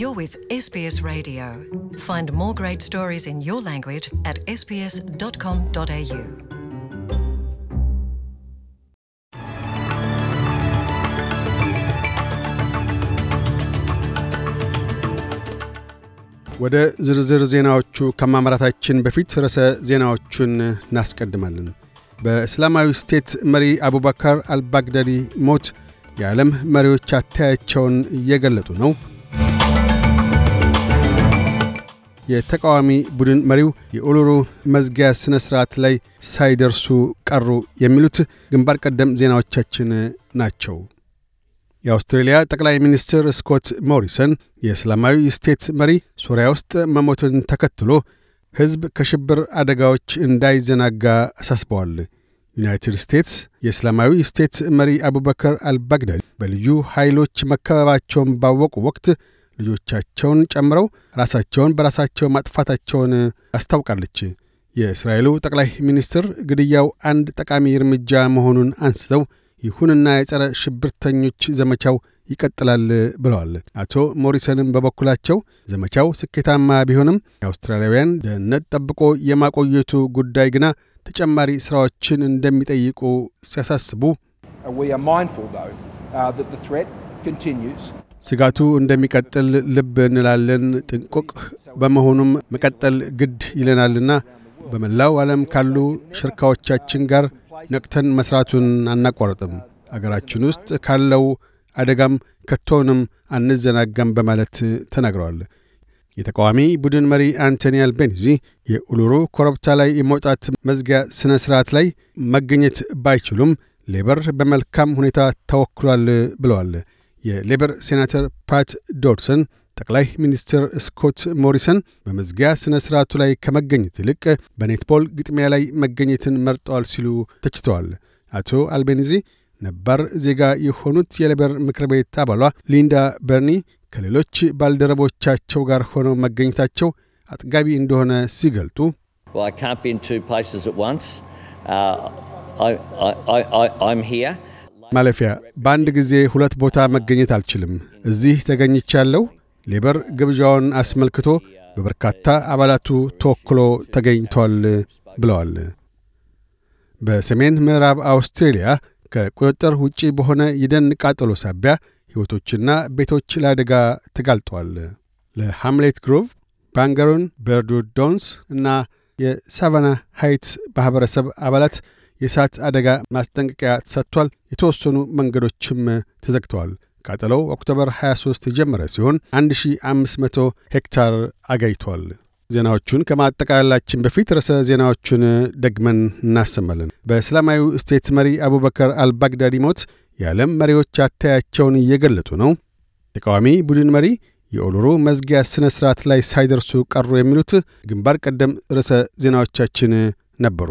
You're with SBS Radio. Find more great stories in your language at sbs.com.au. ወደ ዝርዝር ዜናዎቹ ከማምራታችን በፊት ርዕሰ ዜናዎቹን እናስቀድማለን። በእስላማዊ ስቴት መሪ አቡበከር አልባግዳዲ ሞት የዓለም መሪዎች አታያቸውን እየገለጡ ነው። የተቃዋሚ ቡድን መሪው የኦሎሮ መዝጊያ ሥነ ሥርዓት ላይ ሳይደርሱ ቀሩ የሚሉት ግንባር ቀደም ዜናዎቻችን ናቸው። የአውስትሬልያ ጠቅላይ ሚኒስትር ስኮት ሞሪሰን የእስላማዊ ስቴት መሪ ሶሪያ ውስጥ መሞትን ተከትሎ ሕዝብ ከሽብር አደጋዎች እንዳይዘናጋ አሳስበዋል። ዩናይትድ ስቴትስ የእስላማዊ ስቴት መሪ አቡበከር አልባግዳዲ በልዩ ኃይሎች መከበባቸውን ባወቁ ወቅት ልጆቻቸውን ጨምረው ራሳቸውን በራሳቸው ማጥፋታቸውን አስታውቃለች። የእስራኤሉ ጠቅላይ ሚኒስትር ግድያው አንድ ጠቃሚ እርምጃ መሆኑን አንስተው ይሁንና የጸረ ሽብርተኞች ዘመቻው ይቀጥላል ብለዋል። አቶ ሞሪሰንም በበኩላቸው ዘመቻው ስኬታማ ቢሆንም የአውስትራሊያውያን ደህንነት ጠብቆ የማቆየቱ ጉዳይ ግና ተጨማሪ ሥራዎችን እንደሚጠይቁ ሲያሳስቡ ስጋቱ እንደሚቀጥል ልብ እንላለን። ጥንቁቅ በመሆኑም መቀጠል ግድ ይለናልና በመላው ዓለም ካሉ ሽርካዎቻችን ጋር ነቅተን መስራቱን አናቋርጥም። አገራችን ውስጥ ካለው አደጋም ከቶንም አንዘናጋም በማለት ተናግረዋል። የተቃዋሚ ቡድን መሪ አንቶኒ አልቤኒዚ የኡሉሩ ኮረብታ ላይ የመውጣት መዝጊያ ሥነ ሥርዓት ላይ መገኘት ባይችሉም ሌበር በመልካም ሁኔታ ተወክሏል ብለዋል። የሌበር ሴናተር ፓት ዶድሰን ጠቅላይ ሚኒስትር ስኮት ሞሪሰን በመዝጊያ ሥነ ሥርዓቱ ላይ ከመገኘት ይልቅ በኔትቦል ግጥሚያ ላይ መገኘትን መርጠዋል ሲሉ ተችተዋል። አቶ አልቤኒዚ ነባር ዜጋ የሆኑት የሌበር ምክር ቤት አባሏ ሊንዳ በርኒ ከሌሎች ባልደረቦቻቸው ጋር ሆነው መገኘታቸው አጥጋቢ እንደሆነ ሲገልጡ well, ማለፊያ በአንድ ጊዜ ሁለት ቦታ መገኘት አልችልም። እዚህ ተገኝቻለሁ። ሌበር ግብዣውን አስመልክቶ በበርካታ አባላቱ ተወክሎ ተገኝቷል ብለዋል። በሰሜን ምዕራብ አውስትሬልያ ከቁጥጥር ውጪ በሆነ የደን ቃጠሎ ሳቢያ ሕይወቶችና ቤቶች ለአደጋ ተጋልጠዋል። ለሐምሌት ግሮቭ፣ ባንገሩን፣ በርዱ ዶንስ እና የሳቫና ሃይትስ ማኅበረሰብ አባላት የእሳት አደጋ ማስጠንቀቂያ ተሰጥቷል። የተወሰኑ መንገዶችም ተዘግተዋል። ቃጠሎው ኦክቶበር 23 የጀመረ ሲሆን 1500 ሄክታር አጋይቷል። ዜናዎቹን ከማጠቃላችን በፊት ርዕሰ ዜናዎቹን ደግመን እናሰማለን። በእስላማዊ ስቴት መሪ አቡበከር አልባግዳዲ ሞት የዓለም መሪዎች አታያቸውን እየገለጡ ነው። ተቃዋሚ ቡድን መሪ የኦሎሮ መዝጊያ ሥነ ሥርዓት ላይ ሳይደርሱ ቀሩ። የሚሉት ግንባር ቀደም ርዕሰ ዜናዎቻችን ነበሩ።